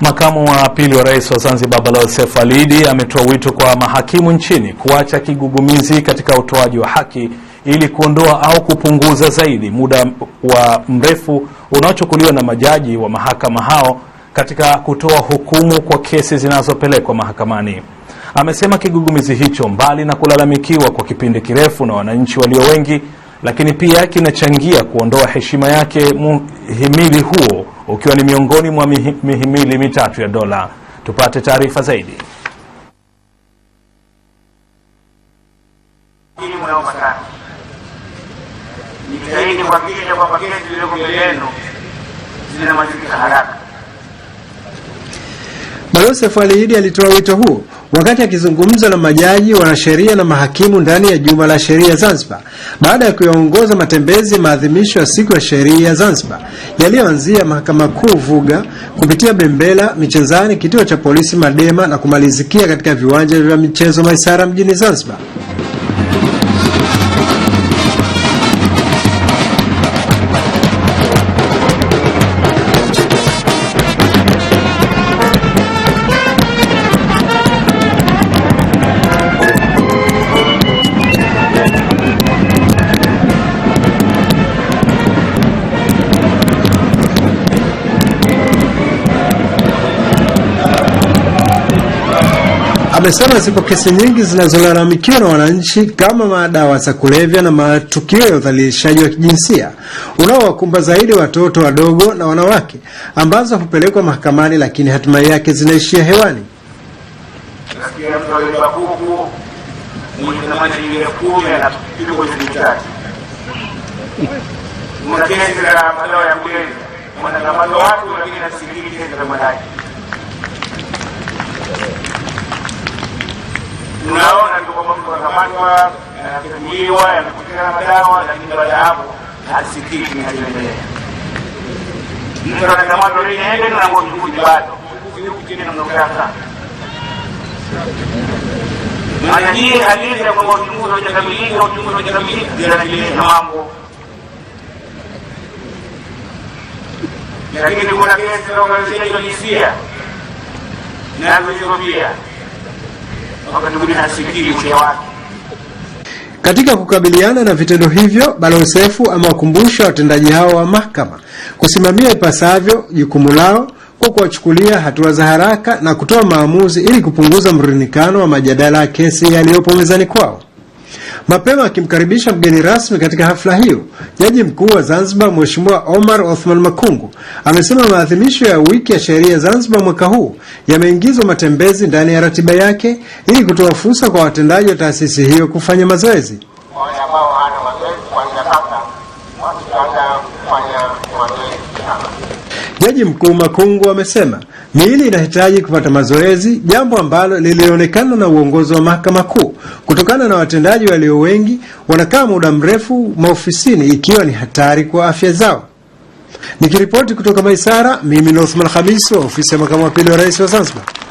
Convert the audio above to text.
Makamu wa pili wa rais wa Zanzibar Balozi Seif Ali Iddi ametoa wito kwa mahakimu nchini kuacha kigugumizi katika utoaji wa haki ili kuondoa au kupunguza zaidi muda wa mrefu unaochukuliwa na majaji wa mahakama hao katika kutoa hukumu kwa kesi zinazopelekwa mahakamani. Amesema kigugumizi hicho, mbali na kulalamikiwa kwa kipindi kirefu na wananchi walio wengi lakini pia kinachangia kuondoa heshima yake mhimili huo ukiwa ni miongoni mwa mihimili mitatu ya dola. Tupate taarifa zaidi. Jitahidi kuhakikisha kwamba kesi zilizoko mbele yenu zinamalizika haraka. Balozi alitoa wito huo Wakati akizungumza na majaji, wanasheria na mahakimu ndani ya Juma la Sheria Zanzibar baada ya kuyaongoza matembezi ya maadhimisho ya Siku ya Sheria Zanzibar yaliyoanzia Mahakama Kuu Vuga kupitia Bembela, Michezani, kituo cha polisi Madema na kumalizikia katika viwanja vya michezo Maisara mjini Zanzibar. Amesema zipo kesi nyingi zinazolalamikiwa na wananchi kama madawa za kulevya na matukio ya udhalilishaji wa kijinsia unaowakumba zaidi watoto wadogo na wanawake, ambazo hupelekwa mahakamani lakini hatima yake zinaishia hewani tunaona kwamba mtu anakamatwa, anafungiwa, anapatikana madawa, lakini baada ya hapo hasikii kinachoendelea. Mtu anakamatwa leo inaenda na kwa mkuji bado na kinaondoka. Maana hii hadithi ya kwamba uchunguzi haujakamilika, uchunguzi haujakamilika, inaeleza mambo lakini kuna kesi za ukandamizaji wa jinsia nazo hizo pia wakati mwingine wake. Katika kukabiliana na vitendo hivyo, Balonsefu amewakumbusha watendaji hao wa mahakama kusimamia ipasavyo jukumu lao kwa kuwachukulia hatua za haraka na kutoa maamuzi ili kupunguza mrundikano wa majadala ya kesi yaliyopo mezani kwao. Mapema akimkaribisha mgeni rasmi katika hafla hiyo, Jaji Mkuu wa Zanzibar Mheshimiwa Omar Othman Makungu amesema maadhimisho ya wiki ya sheria Zanzibar mwaka huu yameingizwa matembezi ndani ya ratiba yake ili kutoa fursa kwa watendaji wa taasisi hiyo kufanya mazoezi. Jaji Mkuu Makungu amesema miili inahitaji kupata mazoezi, jambo ambalo lilionekana na uongozi wa mahakama kuu kutokana na watendaji walio wengi wanakaa muda mrefu maofisini, ikiwa ni hatari kwa afya zao. Nikiripoti kutoka Maisara, mimi ni Othman Khamis wa ofisi ya makamu wa pili wa rais wa Zanzibar.